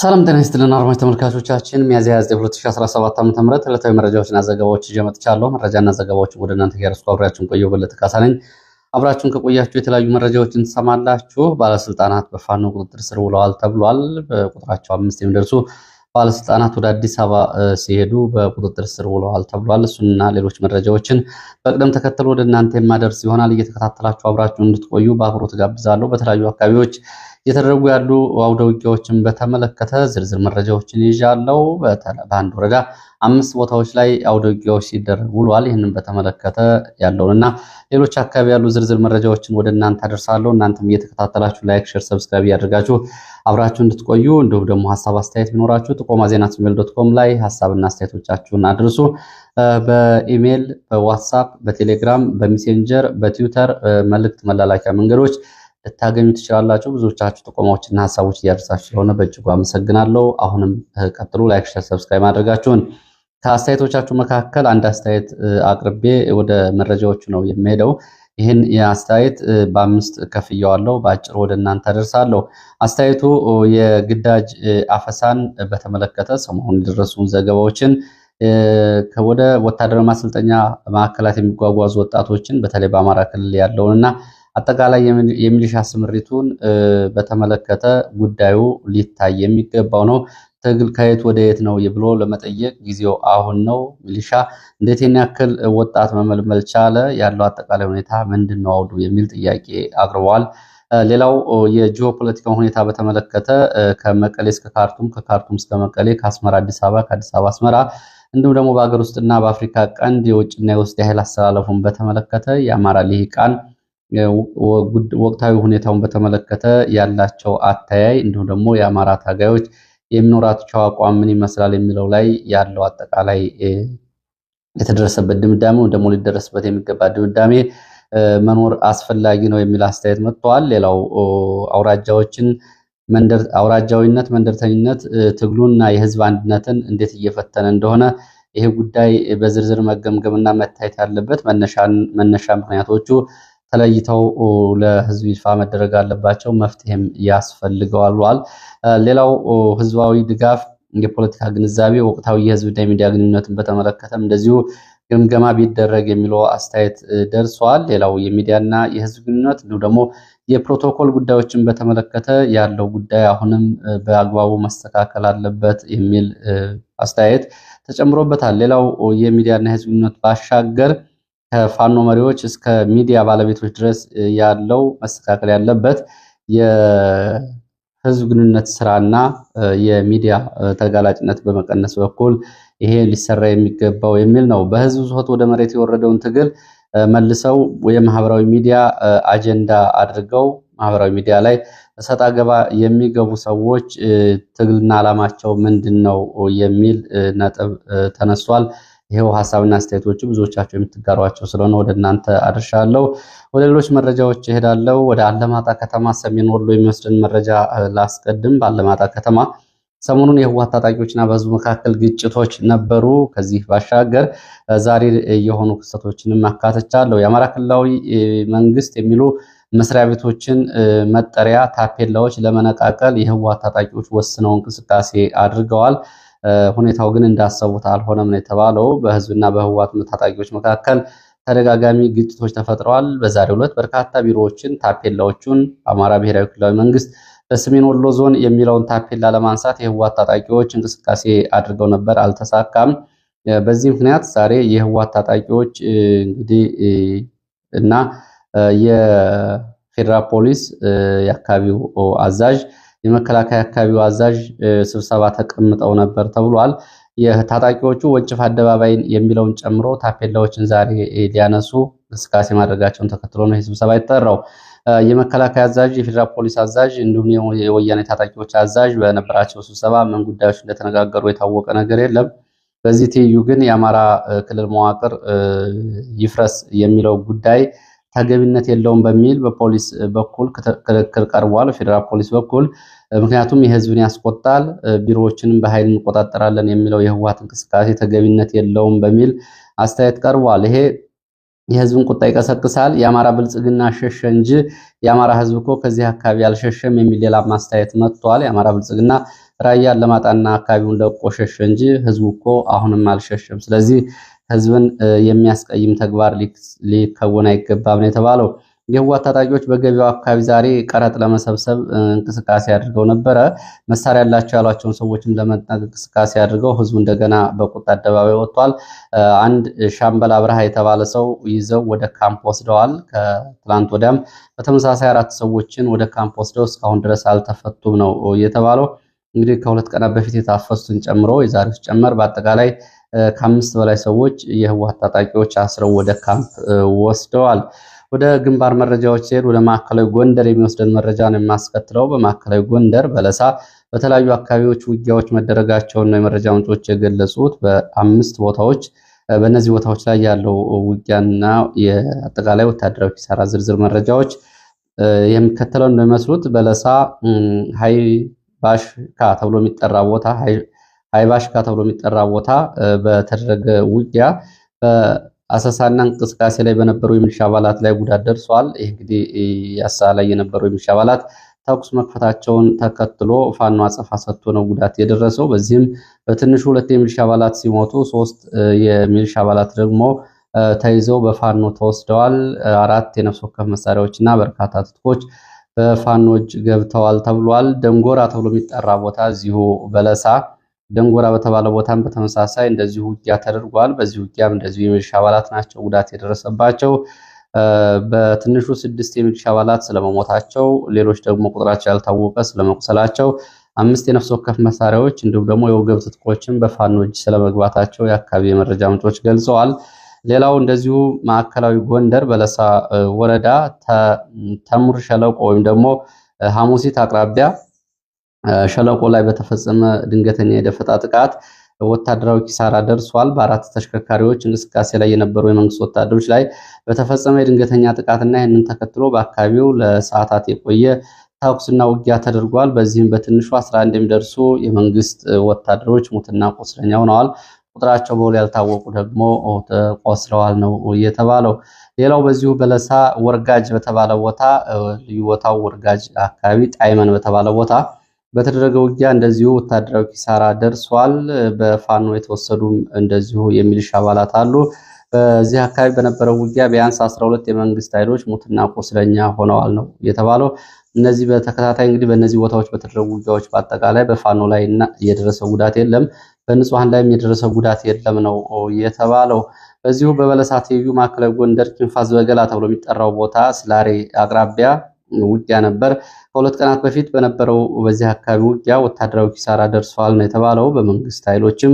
ሰላም ጤና ይስጥልን አድማጭ ተመልካቾቻችን ሚያዝያ 29 2017 ዓ.ም ዕለታዊ መረጃዎችና ዘገባዎች ይዤ መጥቻለሁ። መረጃና ዘገባዎች ወደ እናንተ ያደረስኩ አብሬያችሁን ቆየሁ በለጠ ካሳ ነኝ። አብራችሁን ከቆያችሁ የተለያዩ መረጃዎችን ትሰማላችሁ። ባለስልጣናት በፋኖ ቁጥጥር ስር ውለዋል ተብሏል። በቁጥራቸው አምስት የሚደርሱ ባለስልጣናት ወደ አዲስ አበባ ሲሄዱ በቁጥጥር ስር ውለዋል ተብሏል። እሱንና ሌሎች መረጃዎችን በቅደም ተከተል ወደ እናንተ የማደርስ ይሆናል። እየተከታተላችሁ አብራችሁ እንድትቆዩ በአክብሮት ጋብዛለሁ። በተለያዩ አካባቢዎች እየተደረጉ ያሉ አውደ ውጊያዎችን በተመለከተ ዝርዝር መረጃዎችን ይዣለው። በአንድ ወረዳ አምስት ቦታዎች ላይ አውደ ውጊያዎች ሲደረጉ ውሏል። ይህንን በተመለከተ ያለውን እና ሌሎች አካባቢ ያሉ ዝርዝር መረጃዎችን ወደ እናንተ አደርሳለሁ። እናንተም እየተከታተላችሁ ላይክ፣ ሼር፣ ሰብስክራይብ እያደርጋችሁ አብራችሁ እንድትቆዩ እንዲሁም ደግሞ ሀሳብ አስተያየት ቢኖራችሁ ጥቆማ ዜና ጂሜል ዶት ኮም ላይ ሀሳብና አስተያየቶቻችሁን አድርሱ። በኢሜይል፣ በዋትሳፕ፣ በቴሌግራም፣ በሜሴንጀር፣ በትዊተር መልእክት መላላኪያ መንገዶች ልታገኙ ትችላላችሁ። ብዙዎቻችሁ ጥቆማዎችና ሀሳቦች እያደረሳችሁ ስለሆነ በእጅጉ አመሰግናለሁ። አሁንም ቀጥሉ። ላይክ፣ ሸር፣ ሰብስክራይብ ማድረጋችሁን ከአስተያየቶቻችሁ መካከል አንድ አስተያየት አቅርቤ ወደ መረጃዎቹ ነው የሚሄደው። ይህን የአስተያየት በአምስት ከፍያዋለሁ። በአጭር ወደ እናንተ አደርሳለሁ። አስተያየቱ የግዳጅ አፈሳን በተመለከተ ሰሞኑን የደረሱን ዘገባዎችን ወደ ወታደራዊ ማሰልጠኛ ማዕከላት የሚጓጓዙ ወጣቶችን በተለይ በአማራ ክልል ያለውንና አጠቃላይ የሚሊሻ ስምሪቱን በተመለከተ ጉዳዩ ሊታይ የሚገባው ነው። ትግል ከየት ወደ የት ነው ብሎ ለመጠየቅ ጊዜው አሁን ነው። ሚሊሻ እንዴት ያክል ወጣት መመልመል ቻለ? ያለው አጠቃላይ ሁኔታ ምንድን ነው አውዱ የሚል ጥያቄ አቅርበዋል። ሌላው የጂኦ ሁኔታ በተመለከተ ከመቀሌ እስከ ካርቱም፣ ከካርቱም እስከ መቀሌ፣ ከአስመራ አዲስ አበባ፣ ከአዲስ አበባ አስመራ እንዲሁም ደግሞ በሀገር ውስጥና በአፍሪካ ቀንድ የውጭና የውስጥ የኃይል አሰላለፉን በተመለከተ የአማራ ልሂቃን ወቅታዊ ሁኔታውን በተመለከተ ያላቸው አተያይ እንዲሁም ደግሞ የአማራ ታጋዮች የሚኖራቸው አቋም ምን ይመስላል የሚለው ላይ ያለው አጠቃላይ የተደረሰበት ድምዳሜ ወይም ደግሞ ሊደረስበት የሚገባ ድምዳሜ መኖር አስፈላጊ ነው የሚል አስተያየት መጥተዋል። ሌላው አውራጃዎችን አውራጃዊነት፣ መንደርተኝነት ትግሉና የህዝብ አንድነትን እንዴት እየፈተነ እንደሆነ ይሄ ጉዳይ በዝርዝር መገምገምና መታየት ያለበት መነሻ ምክንያቶቹ ተለይተው ለህዝብ ይፋ መደረግ አለባቸው፣ መፍትሄም ያስፈልገዋል ብሏል። ሌላው ህዝባዊ ድጋፍ፣ የፖለቲካ ግንዛቤ፣ ወቅታዊ የህዝብና የሚዲያ ግንኙነትን በተመለከተም እንደዚሁ ግምገማ ቢደረግ የሚለው አስተያየት ደርሰዋል። ሌላው የሚዲያና የህዝብ ግንኙነት እንዲሁም ደግሞ የፕሮቶኮል ጉዳዮችን በተመለከተ ያለው ጉዳይ አሁንም በአግባቡ መስተካከል አለበት የሚል አስተያየት ተጨምሮበታል። ሌላው የሚዲያና የህዝብ ግንኙነት ባሻገር ከፋኖ መሪዎች እስከ ሚዲያ ባለቤቶች ድረስ ያለው መስተካከል ያለበት የህዝብ ግንኙነት ስራና የሚዲያ ተጋላጭነት በመቀነስ በኩል ይሄ ሊሰራ የሚገባው የሚል ነው። በህዝብ ዙኸት ወደ መሬት የወረደውን ትግል መልሰው የማህበራዊ ሚዲያ አጀንዳ አድርገው ማህበራዊ ሚዲያ ላይ ሰጣ ገባ የሚገቡ ሰዎች ትግልና ዓላማቸው ምንድን ነው የሚል ነጥብ ተነስቷል። ይኸው ሀሳብና አስተያየቶቹ ብዙዎቻቸው የምትጋሯቸው ስለሆነ ወደ እናንተ አድርሻለሁ። ወደ ሌሎች መረጃዎች እሄዳለሁ። ወደ አለማጣ ከተማ ሰሜን ወሎ የሚወስድን መረጃ ላስቀድም። በአለማጣ ከተማ ሰሞኑን የህወሓት ታጣቂዎችና በህዝቡ መካከል ግጭቶች ነበሩ። ከዚህ ባሻገር ዛሬ የሆኑ ክስተቶችንም አካትቻለሁ። የአማራ ክልላዊ መንግስት የሚሉ መስሪያ ቤቶችን መጠሪያ ታፔላዎች ለመነቃቀል የህወሓት ታጣቂዎች ወስነው እንቅስቃሴ አድርገዋል። ሁኔታው ግን እንዳሰቡት አልሆነም ነው የተባለው። በህዝብና በህወሓት ታጣቂዎች መካከል ተደጋጋሚ ግጭቶች ተፈጥረዋል። በዛሬው ዕለት በርካታ ቢሮዎችን፣ ታፔላዎቹን በአማራ ብሔራዊ ክልላዊ መንግስት በሰሜን ወሎ ዞን የሚለውን ታፔላ ለማንሳት የህወሓት ታጣቂዎች እንቅስቃሴ አድርገው ነበር፣ አልተሳካም። በዚህ ምክንያት ዛሬ የህወሓት ታጣቂዎች እንግዲህ እና የፌዴራል ፖሊስ የአካባቢው አዛዥ የመከላከያ አካባቢው አዛዥ ስብሰባ ተቀምጠው ነበር ተብሏል። የታጣቂዎቹ ወንጭፍ አደባባይን የሚለውን ጨምሮ ታፔላዎችን ዛሬ ሊያነሱ እንቅስቃሴ ማድረጋቸውን ተከትሎ ነው ይህ ስብሰባ የተጠራው። የመከላከያ አዛዥ፣ የፌዴራል ፖሊስ አዛዥ እንዲሁም የወያኔ ታጣቂዎች አዛዥ በነበራቸው ስብሰባ ምን ጉዳዮች እንደተነጋገሩ የታወቀ ነገር የለም። በዚህ ትይዩ ግን የአማራ ክልል መዋቅር ይፍረስ የሚለው ጉዳይ ተገቢነት የለውም በሚል በፖሊስ በኩል ክርክር ቀርቧል። ፌዴራል ፖሊስ በኩል ምክንያቱም የህዝብን ያስቆጣል፣ ቢሮዎችንም በኃይል እንቆጣጠራለን የሚለው የህወሓት እንቅስቃሴ ተገቢነት የለውም በሚል አስተያየት ቀርቧል። ይሄ የህዝብን ቁጣ ይቀሰቅሳል። የአማራ ብልጽግና ሸሸ እንጂ የአማራ ህዝብ እኮ ከዚህ አካባቢ አልሸሸም የሚል ሌላ ማስተያየት መጥቷል። የአማራ ብልጽግና ራያ ለማጣና አካባቢውን ለቆ ሸሸ እንጂ ህዝቡ እኮ አሁንም አልሸሸም። ስለዚህ ህዝብን የሚያስቀይም ተግባር ሊከወን አይገባም ነው የተባለው። የህወሓት ታጣቂዎች በገበያው አካባቢ ዛሬ ቀረጥ ለመሰብሰብ እንቅስቃሴ አድርገው ነበረ። መሳሪያ ያላቸው ያሏቸውን ሰዎችም ለመጥናቅ እንቅስቃሴ አድርገው ህዝቡ እንደገና በቁጣ አደባባይ ወጥቷል። አንድ ሻምበል አብርሃ የተባለ ሰው ይዘው ወደ ካምፕ ወስደዋል። ከትላንት ወዲያም በተመሳሳይ አራት ሰዎችን ወደ ካምፕ ወስደው እስካሁን ድረስ አልተፈቱም ነው የተባለው። እንግዲህ ከሁለት ቀናት በፊት የታፈሱትን ጨምሮ የዛሬው ጨመር በአጠቃላይ ከአምስት በላይ ሰዎች የህወሓት ታጣቂዎች አስረው ወደ ካምፕ ወስደዋል። ወደ ግንባር መረጃዎች ሲሄድ ወደ ማዕከላዊ ጎንደር የሚወስደን መረጃ ነው የማስከትለው። በማዕከላዊ ጎንደር በለሳ በተለያዩ አካባቢዎች ውጊያዎች መደረጋቸውን ነው የመረጃ ምንጮች የገለጹት። በአምስት ቦታዎች በእነዚህ ቦታዎች ላይ ያለው ውጊያና የአጠቃላይ ወታደራዊ ኪሳራ ዝርዝር መረጃዎች የሚከተለው ነው የሚመስሉት። በለሳ ሃይባሽካ ተብሎ የሚጠራ ቦታ ሃይባሽካ ተብሎ የሚጠራ ቦታ በተደረገ ውጊያ አሰሳና እንቅስቃሴ ላይ በነበሩ የሚሊሻ አባላት ላይ ጉዳት ደርሷል። ይህ እንግዲህ ያሳ ላይ የነበሩ የሚሊሻ አባላት ተኩስ መክፈታቸውን ተከትሎ ፋኖ አጸፋ ሰጥቶ ነው ጉዳት የደረሰው። በዚህም በትንሹ ሁለት የሚሊሻ አባላት ሲሞቱ ሶስት የሚሊሻ አባላት ደግሞ ተይዘው በፋኖ ተወስደዋል። አራት የነፍስ ወከፍ መሳሪያዎች እና በርካታ ትጥቆች በፋኖ እጅ ገብተዋል ተብሏል። ደንጎራ ተብሎ የሚጠራ ቦታ እዚሁ በለሳ ደንጎራ በተባለ ቦታም በተመሳሳይ እንደዚሁ ውጊያ ተደርጓል። በዚህ ውጊያም እንደዚሁ የሚሊሻ አባላት ናቸው ጉዳት የደረሰባቸው። በትንሹ ስድስት የሚሊሻ አባላት ስለመሞታቸው፣ ሌሎች ደግሞ ቁጥራቸው ያልታወቀ ስለመቁሰላቸው፣ አምስት የነፍስ ወከፍ መሳሪያዎች እንዲሁም ደግሞ የወገብ ትጥቆችን በፋኖ እጅ ስለመግባታቸው የአካባቢ የመረጃ ምንጮች ገልጸዋል። ሌላው እንደዚሁ ማዕከላዊ ጎንደር በለሳ ወረዳ ተሙር ሸለቆ ወይም ደግሞ ሐሙሲት አቅራቢያ ሸለቆ ላይ በተፈጸመ ድንገተኛ የደፈጣ ጥቃት ወታደራዊ ኪሳራ ደርሷል። በአራት ተሽከርካሪዎች እንቅስቃሴ ላይ የነበሩ የመንግስት ወታደሮች ላይ በተፈጸመ የድንገተኛ ጥቃትና ይህንን ተከትሎ በአካባቢው ለሰዓታት የቆየ ተኩስና ውጊያ ተደርጓል። በዚህም በትንሹ 11 የሚደርሱ የመንግስት ወታደሮች ሙትና ቁስለኛ ሆነዋል። ቁጥራቸው በውል ያልታወቁ ደግሞ ቆስለዋል ነው የተባለው። ሌላው በዚሁ በለሳ ወርጋጅ በተባለ ቦታ ልዩ ቦታው ወርጋጅ አካባቢ ጣይመን በተባለ ቦታ በተደረገው ውጊያ እንደዚሁ ወታደራዊ ኪሳራ ደርሷል። በፋኖ የተወሰዱም እንደዚሁ የሚሊሻ አባላት አሉ። በዚህ አካባቢ በነበረው ውጊያ ቢያንስ 12 የመንግስት ኃይሎች ሙትና ቁስለኛ ሆነዋል ነው የተባለው። እነዚህ በተከታታይ እንግዲህ በእነዚህ ቦታዎች በተደረጉ ውጊያዎች በአጠቃላይ በፋኖ ላይ የደረሰ ጉዳት የለም፣ በንጹሐን ላይም የደረሰ ጉዳት የለም ነው የተባለው። በዚሁ በበለሳ ትይዩ ማዕከላዊ ጎንደር ኪንፋዝ በገላ ተብሎ የሚጠራው ቦታ ስላሬ አቅራቢያ ውጊያ ነበር። ከሁለት ቀናት በፊት በነበረው በዚህ አካባቢ ውጊያ ወታደራዊ ኪሳራ ደርሷል ነው የተባለው። በመንግስት ኃይሎችም